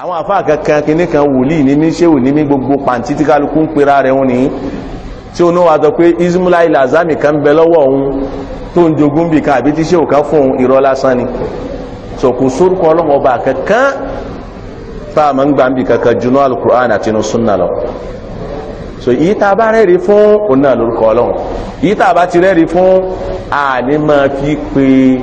àwọn àfáà kankan kìíní kan wòlíì ní ní ṣéwò ní ní gbogbo pàǹtí tí kálukú ń pera rẹ̀ wọn nìyí tí òun náà wà sọ pé ismaila lazami kan bẹ lọ́wọ́ òun tó ń jogún bì kan àbí tí ṣéwò kan fún òun irọ́ lásán ni sọ̀kù sórúkọ ọlọ́mọ ọba kankan tá a máa ń gbà ń bì kankan jùlọ alukur'an àti inú sunna lọ so yìí tá a bá rẹ́rìí fún òun lórúkọ ọlọ́run yìí tá a bá ti rẹ́rìí fún àní máa fi pe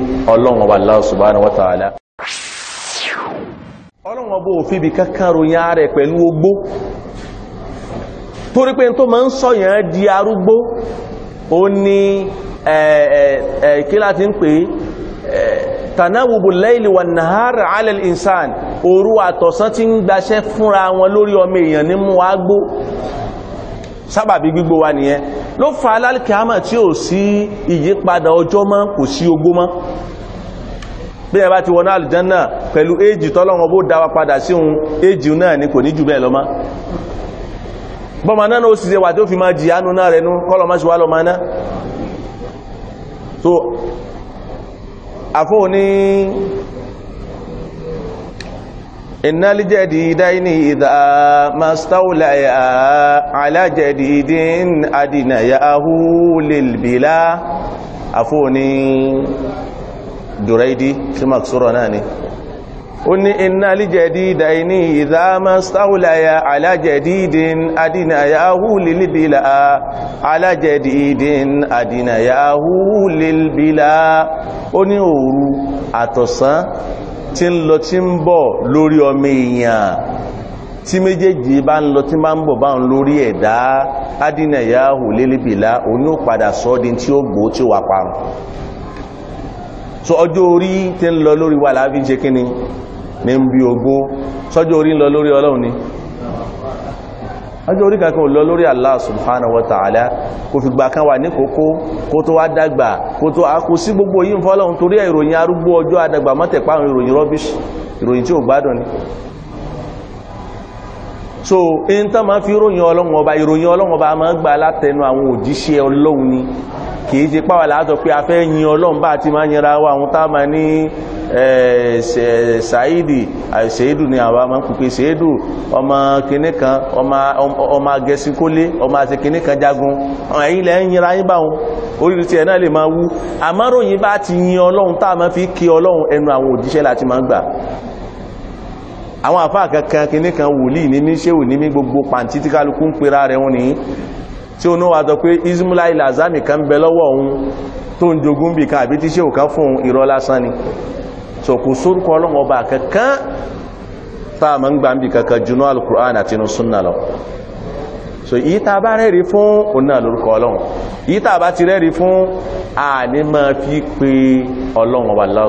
ọlọ́wọ́n bó fi bí kákàrò yá rẹ̀ pẹ̀lú ogbó torí pé tó máa ń sọ̀yàn di arúgbó ó ní kí láti ń pè tànáwùbù láìlì wà náhàrà alẹ́lì insan òru àtọ̀sán tí ń gbaṣẹ́ fúnra wọn lórí ọmọ èèyàn ní mú agbó sábàbí gbígbó wa nìyẹn ló fa alálìkàámà tí ò sí ìyípadà ọjọ́ mọ́ kò sí ogbó mọ́ bí ẹ bá ti wọná àlùjánnà pẹ̀lú éjì tọ́lọ́wọ́n bó dáwà padà sí ohun éjì náà ni kò ní jù bẹ́ẹ̀ lọ́mọ́ bọ́mọ náà ó sì ṣe wà tó fi máa jìyà nù náà rẹ̀ nú kọ́lọ̀mọ́síwá lọ́mọ náà so àfóò ní ìnálijẹ́dì ìdá mastaulaya alájẹ́dì àfóò ní dùrẹ́dì sí maksúrọ̀ náà ni ó ní iná líjẹ̀dídà iní ìdámá sáwùláyà alájẹ̀dídìn adínáyáhù lílìbílá alájẹ̀dídìn adínáyáhù lílìbílá ó ní òru àtọ̀sán tí ń lọ tí ń bọ̀ lórí ọmọ èèyàn tí méjèèjì bá ń lọ tí bá ń bọ̀ bá ń lórí ẹ̀dá adínáyáhù lílìbílá ó ní so ọjọ́ orí tí ń lọ lórí wà láàbí ṣe kí ni ní ń bí ogún sọ́jọ́ orí ń lọ lórí ọlọ́run ni ọjọ́ orí kankan lọ lórí Allah subhanahu wa ta'ala kò fi gbà kan wà ní kókó kó tó wá dàgbà kó tó akú sí gbogbo yí ń fọ́lọ́run torí ìròyìn arúgbó ọjọ́ adàgbà mọ́tẹ̀pá àwọn ìròyìn rọ́bíṣì ìròyìn tí ò gbádùn ni so in tán ma fi ìròyìn ọlọ́run ọba ìròyìn ọlọ́run ọba máa gbà látẹnu àwọn òjíṣẹ́ ọlọ́run ni kìí ṣe pàwà látọ̀ pé a fẹ́ yin ọlọ́run bá ti máa yẹra wa àwọn tá ma ní ṣàìdì ṣèédù ni àwa máa ń pèpè ṣèédù ọmọ kìíní kan ọmọ agẹsinkólé ọmọ àti kìíní kan jagun ẹ̀yin lẹ́ ń yẹra yín báwọn oríire tiẹ̀ náà lè máa wú àmáròyìn bá ti yin ọlọ́run tá a máa fi kí ọlọ́run ẹnu àwọn òjíṣẹ́ láti máa gbà àwọn àfáà kankan kìíní kan wòlíì ní tí ó náà wà tọ́ pé ismaila ilazami kan bẹ lọ́wọ́ òun tó ń jogún bí kan tí ṣe òkan fún irọ́ lásán so kò sórúkọ ọlọ́wọ́ bá kankan táà mọ́ ń gbà ń bí kankan jùnú alukur'an àti inú súnnà lọ so yìí tá a bá rẹ́rí fún ọ̀nà lórúkọ ọlọ́run yìí tá a bá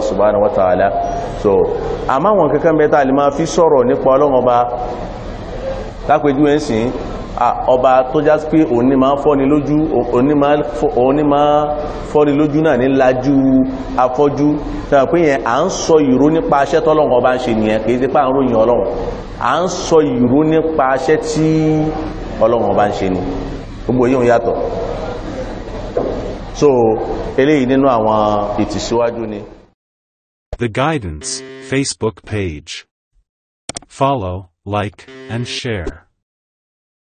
subhanahu wa ta'ala so àmáwọn kankan bẹ́ẹ̀ tá a lè máa fi sọ̀rọ̀ nípa ọlọ́run ọba tó já pé òun ní fọ́ni lójú náà ní lajú afọ́jú tẹ́wọ̀n pé yẹn à ń sọ ìró nípa aṣẹ́ tọ́lọ́run ọba ń ṣe nìyẹn kì í ti àrùn yìí ọlọ́run à ń sọ ìró nípa aṣẹ́ tí ọlọ́run ọba ń ṣe ni gbogbo yìí yàtọ̀ so eléyìí nínú àwọn ìtìsíwájú ni. The Guidance Facebook page. Follow, like, and share.